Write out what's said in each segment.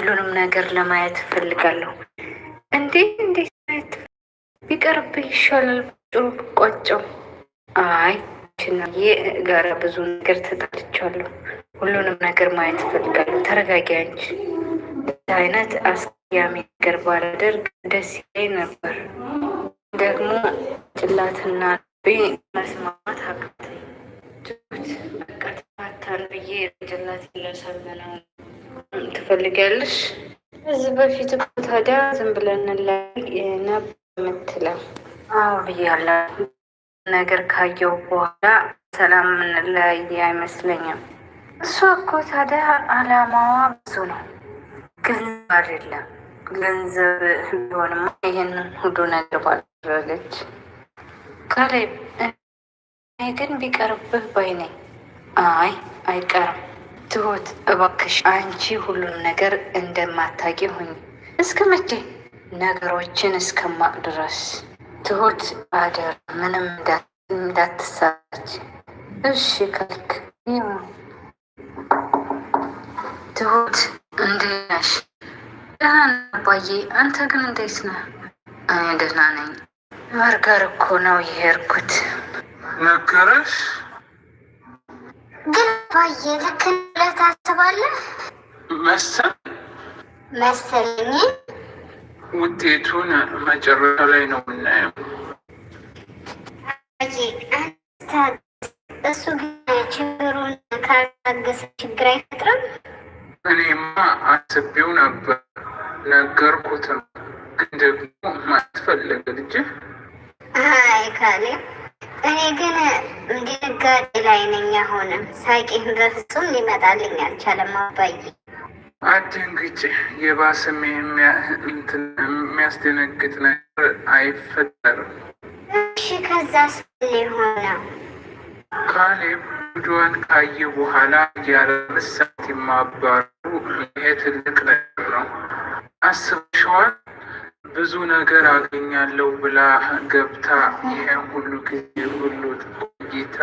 ሁሉንም ነገር ለማየት እፈልጋለሁ። እንዴ እንዴት ማየት ቢቀርብ ይሻላል? ጥሩ ቋጨው። አይ ችናዬ ጋር ብዙ ነገር ተጣልቻለሁ። ሁሉንም ነገር ማየት እፈልጋለሁ። ተረጋጊ አንቺ። አይነት አስቀያሚ ነገር ባላደርግ ደስ ይለኝ ነበር። ደግሞ ጭላትና ልቤ መስማማት አቃተኝ። አታርዬ ጭላት ለሰመና ትፈልጊያለሽ? እዚህ በፊት እኮ ታዲያ ዝም ብለን ላይ ነበር የምትለው። አዎ ብያለሁ። ነገር ካየው በኋላ ሰላም የምንለያይ አይመስለኝም። እሷ እኮ ታዲያ አላማዋ ብዙ ነው። ገንዘብ አይደለም። ገንዘብ ቢሆንማ ይህንን ሁሉ ነገር ባደረገች። ካሌብ፣ እኔ ግን ቢቀርብህ ባይ ነኝ። አይ አይቀርም። ትሁት እባክሽ አንቺ ሁሉን ነገር እንደማታቂ ሁኝ። እስከ መቼ ነገሮችን እስከማቅ ድረስ ትሁት አደር ምንም እንዳትሳች እሺ ከልክ ትሁት እንዴት ነሽ? ደህና ነኝ አባዬ። አንተ ግን እንዴት ነህ? እኔ ደህና ነኝ። እኮ ነው የሄድኩት ነገረሽ ግን ባየ ልክ ብለህ ታስባለህ? መሰል መሰለኝ። ውጤቱን መጨረሻ ላይ ነው የምናየው። እሱ ግን ችግሩን ካላገሰ ችግር አይፈጥርም። እኔማ አስቤው ነበር፣ ነገርኩትም። ግን ደግሞ ማትፈለገ ልጅ አይ ካሌ እኔ ግን ሌላይነኛ ሆነ። ሳቂን በፍጹም ሊመጣልኝ አልቻለም። አባዬ አትንግጭ የባስም የሚያስደነግጥ ነገር አይፈጠርም። እሺ ስል ሊሆነው ካሌብ ጉድዋን ካየ በኋላ ያለ ምሳት የማባሩ ይሄ ትልቅ ነገር ነው። አስብሸዋል ብዙ ነገር አገኛለሁ ብላ ገብታ ይህን ሁሉ ጊዜ ሁሉ ጌታ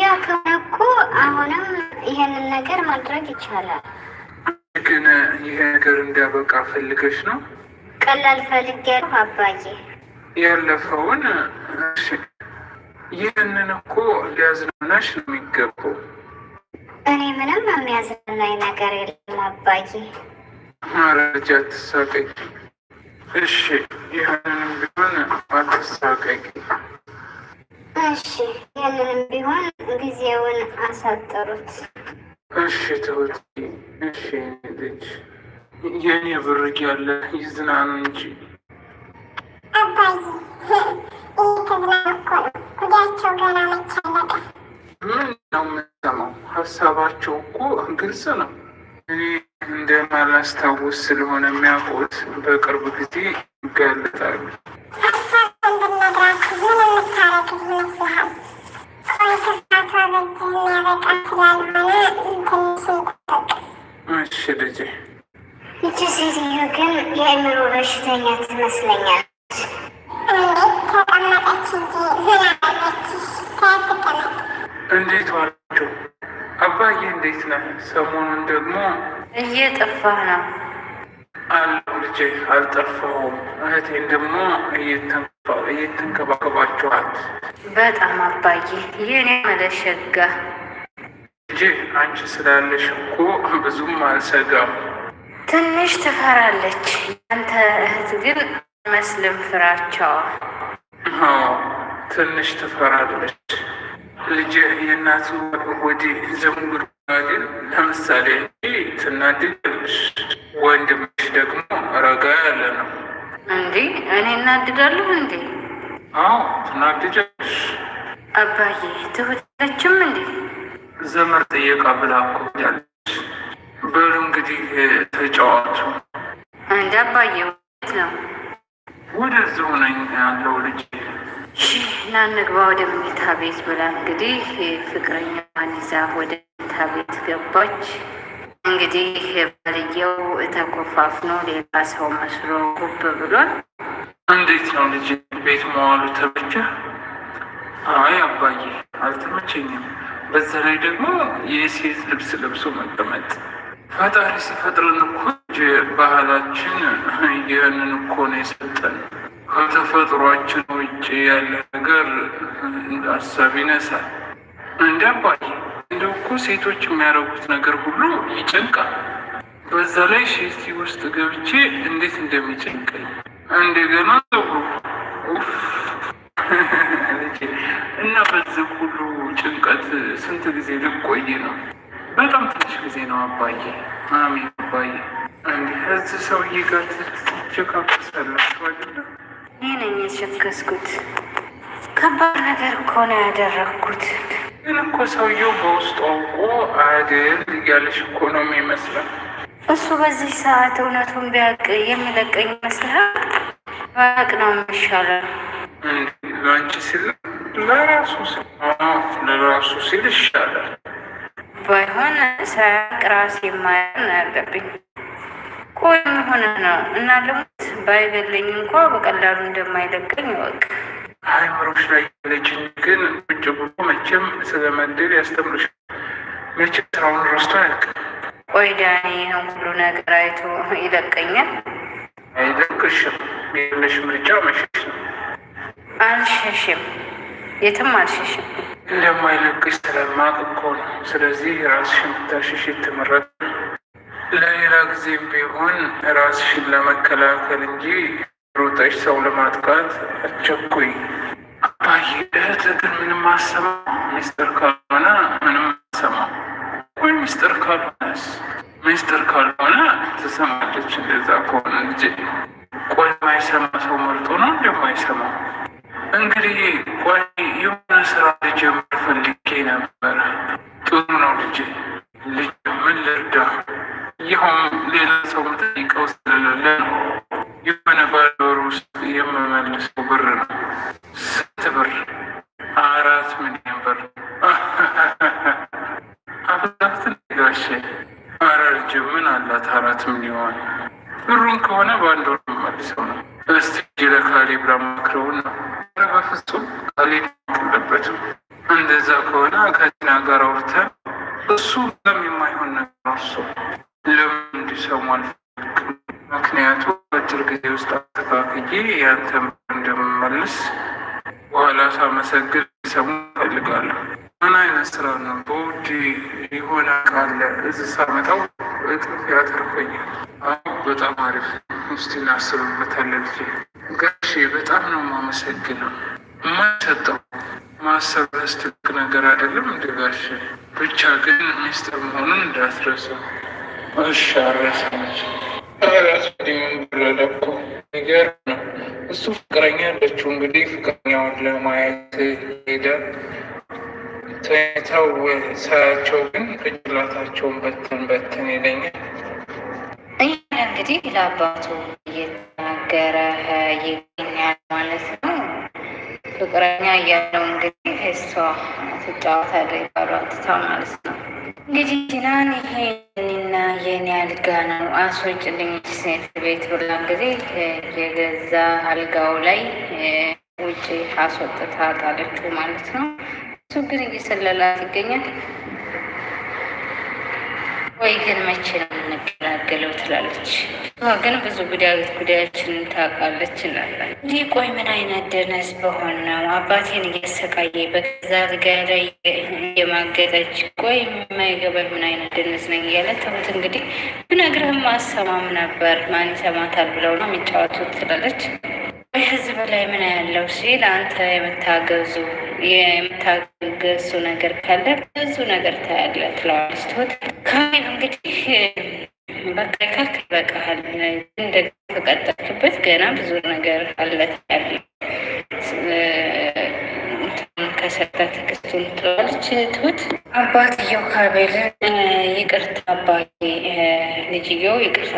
ያ አሁንም ይህንን ነገር ማድረግ ይቻላል። ግን ይሄ ነገር እንዲያበቃ ፈልገች ነው ቀላል ፈልጌ ነው አባዬ ያለፈውን ይህንን እኮ ሊያዝናናሽ ነው የሚገባው። እኔ ምንም የሚያዝናናኝ ነገር የለም አባዬ። ማረጃ አትሳቀቂ እሺ። ይህንንም ቢሆን አትሳቀቂ እሺ። ያንንም ቢሆን ጊዜውን አሳጠሩት እሺ። ትሁት እሺ። ልጅ የኔ ብርቅ ያለ ይዝናኑ እንጂ አባዬ፣ ይህ ተዝናኑ እኮ ገና መቻለቀ ምን ነው ሀሳባቸው እኮ ግልጽ ነው። እኔ እንደማላስታውስ ስለሆነ የሚያውቁት በቅርብ ጊዜ ይጋለጣሉ። እሺ ልጄ፣ ይቺ ሴትዮ ግን በሽተኛ ትመስለኛለች። እንዴት ተቀመጠች እንጂ ምን እንዴት ዋለ አባዬ እንዴት ነህ? ሰሞኑን ደግሞ እየጠፋህ ነው። አለው ልጄ፣ አልጠፋሁም። እህቴን ደግሞ እየተንከባከባችኋት በጣም አባዬ። የኔ መለሸጋ ልጄ፣ አንቺ ስላለሽ እኮ ብዙም አልሰጋም። ትንሽ ትፈራለች። አንተ እህት ግን መስልም ፍራቸዋ። ትንሽ ትፈራለች። ልጅ የእናቱ ወዲ ዝንጉር ግን ለምሳሌ ትናድጃለሽ፣ ወንድምሽ ደግሞ ረጋ ያለ ነው። እንዴ እኔ እናድዳለሁ እንዴ? አዎ ትናድጃለሽ። አባዬ ትሁትለችም እንዴ? ዘመር ጥየቃ ብላ እኮ በሉ እንግዲህ ተጫዋቱ። እንደ አባዬ ነው ወደዚሁ ነኝ ያለው ልጅ ና እንግባ ወደ መኝታ ቤት ብላ እንግዲህ ፍቅረኛዋን ይዛ ወደ መኝታ ቤት ገባች። እንግዲህ ባልየው ተኮፋፍኖ ሌላ ሰው መስሎ ጉብ ብሏል። እንዴት ነው ልጅ ቤት መዋሉ ተመቸ? አይ አባዬ አልተመቸኝም። በዛ ላይ ደግሞ የሴት ልብስ ለብሶ መቀመጥ ፈጣሪ ሲፈጥረን እኮ ባህላችን ይህንን እኮ ነው የሰጠን ከተፈጥሯችን ውጭ ያለ ነገር ሀሳብ ይነሳል። እንደባይ እንደ እኮ ሴቶች የሚያደርጉት ነገር ሁሉ ይጨንቃል። በዛ ላይ ሴቲ ውስጥ ገብቼ እንዴት እንደሚጨንቀኝ እንደገና ጸጉሩ እና በዚህ ሁሉ ጭንቀት ስንት ጊዜ ልቆይ ነው? በጣም ትንሽ ጊዜ ነው አባዬ። አሜን አባዬ። እንዲህ እዚህ ሰውዬ ጋር ትችካሰላቸው አይደለም እኔ ነኝ የሸከስኩት። ከባድ ነገር እኮ ነው ያደረግኩት። ግን እኮ ሰውየው በውስጡ አውቆ አድል እያለሽ እኮ ነው የሚመስለው። እሱ በዚህ ሰዓት እውነቱን ቢያውቅ የሚለቀኝ ይመስላል! ባቅ ነው የሚሻለው ለአንቺ ሲል ለራሱ ለራሱ ሲል ይሻላል። ባይሆን ሳያቅ ራሴ ማየት ያለብኝ። ቆይ ሆነ ነው እና ልሙት ባይገለኝ እንኳ በቀላሉ እንደማይለቀኝ ይወቅ። አይምሮች ላይ ያለችን ግን ቁጭ ብሎ መቼም ስለ መድል መቼ መቼም ስራውን ረስቶ ያልቅ። ቆይ ዳኒ ይህን ሁሉ ነገር አይቶ ይለቀኛል? አይለቅሽም። የለሽ ምርጫ መሸሽ ነው። አልሸሽም፣ የትም አልሸሽም። እንደማይለቅሽ ስለማቅ እኮ ነው። ስለዚህ ራስሽ የምታሸሽ የተመረጠ ነው። ለሌላ ጊዜም ቢሆን ራስሽን ለመከላከል እንጂ ሮጠሽ ሰው ለማጥቃት አቸኩይ። አባዬ እህት ግን ምንም አሰማው ሚስጥር ካልሆነ ምንም አሰማው ወይ ሚስጥር ካልሆነስ ሚስጥር ካልሆነ ትሰማለች። እንደዛ ከሆነ ልጄ ቆይ ማይሰማ ሰው መርጦ ነው እንደማይሰማው እንግዲህ ቆይ የሆነ ስራ ልጀምር ብር አራት ሚሊዮን ብር አፍላት ጋሼ አራርጅ ልጅ ምን አላት አራት ሚሊዮን ብሩን ከሆነ በአንድ ወር መልሰው ነው። እስቲ ለካሌብ ላማክረውን ነው። አረ በፍጹም ካሌብ እንደዛ ከሆነ ከዚና ጋር አውርተን እሱ በጣም የማይሆን ነገር አርሶ ለምን እንዲሰሙ አልፈልግም። ምክንያቱ በአጭር ጊዜ ውስጥ አስተካክዬ ያንተ እንደምመልስ በኋላ ሳመሰግን ሰሙ ፈልጋለሁ ምን አይነት ስራ ነው? በውድ የሆነ ቃለ እዚህ ሳመጣው እጥፍ ያተርፈኛል። በጣም አሪፍ ውስጥ እናስብበታለን። ጋሽ በጣም ነው የማመሰግነው። የማይሰጠው ማሰብ ትልቅ ነገር አይደለም እንደ ጋሽ ብቻ ግን ሚስጥር መሆኑን እንዳትረሳ። እሺ አረሳች የሄደችው እንግዲህ ፍቅረኛውን ለማየት ሄደ። ተኝተው ሳያቸው ግን ጭንቅላታቸውን በትን በትን ይለኛል። እንግዲህ ለአባቱ እየተናገረ ይገኛል ማለት ነው። ፍቅረኛ እያለው እንግዲህ እሷ ትጫወታለች ባሏ ትታ ማለት ነው። እንግዲህ ቲናን ይሄንና የኔ አልጋ ነው አስወጭልኝ ሴት ቤት ብላ እንግዲህ የገዛ አልጋው ላይ ውጭ አስወጥታ ጣለችው ማለት ነው። እሱ ግን እየሰለላት ይገኛል። ወይ ግን መቼ ነው የምንገላገለው? ትላለች ግን ብዙ ጉዳዮች ጉዳያችንን ታውቃለች እንላለን። እንዲህ ቆይ ምን አይነት ደነስ በሆን ነው አባቴን እያሰቃየ በገዛ አልጋ ላይ እየማገጠች ቆይ የማይገባኝ ምን አይነት ደነስ ነው እያለ ተውት። እንግዲህ ብነግርህም አሰማም ነበር ማን ይሰማታል ብለው ነው የሚጫወቱት ትላለች በህዝብ ላይ ምን ያለው ሲል አንተ የምታገዙ የምታገዙ ነገር ካለ ብዙ ነገር ታያለ ትለዋለች ትሁት። ካይን እንግዲህ በቃ ካልክ ይበቃሃል፣ እንደ ገና ብዙ ነገር አለት ያለ ከሰጣት ክስቱን ትለዋለች ትሁት። አባትየው ካቤልን ይቅርታ አባቴ ልጅየው ይቅርታ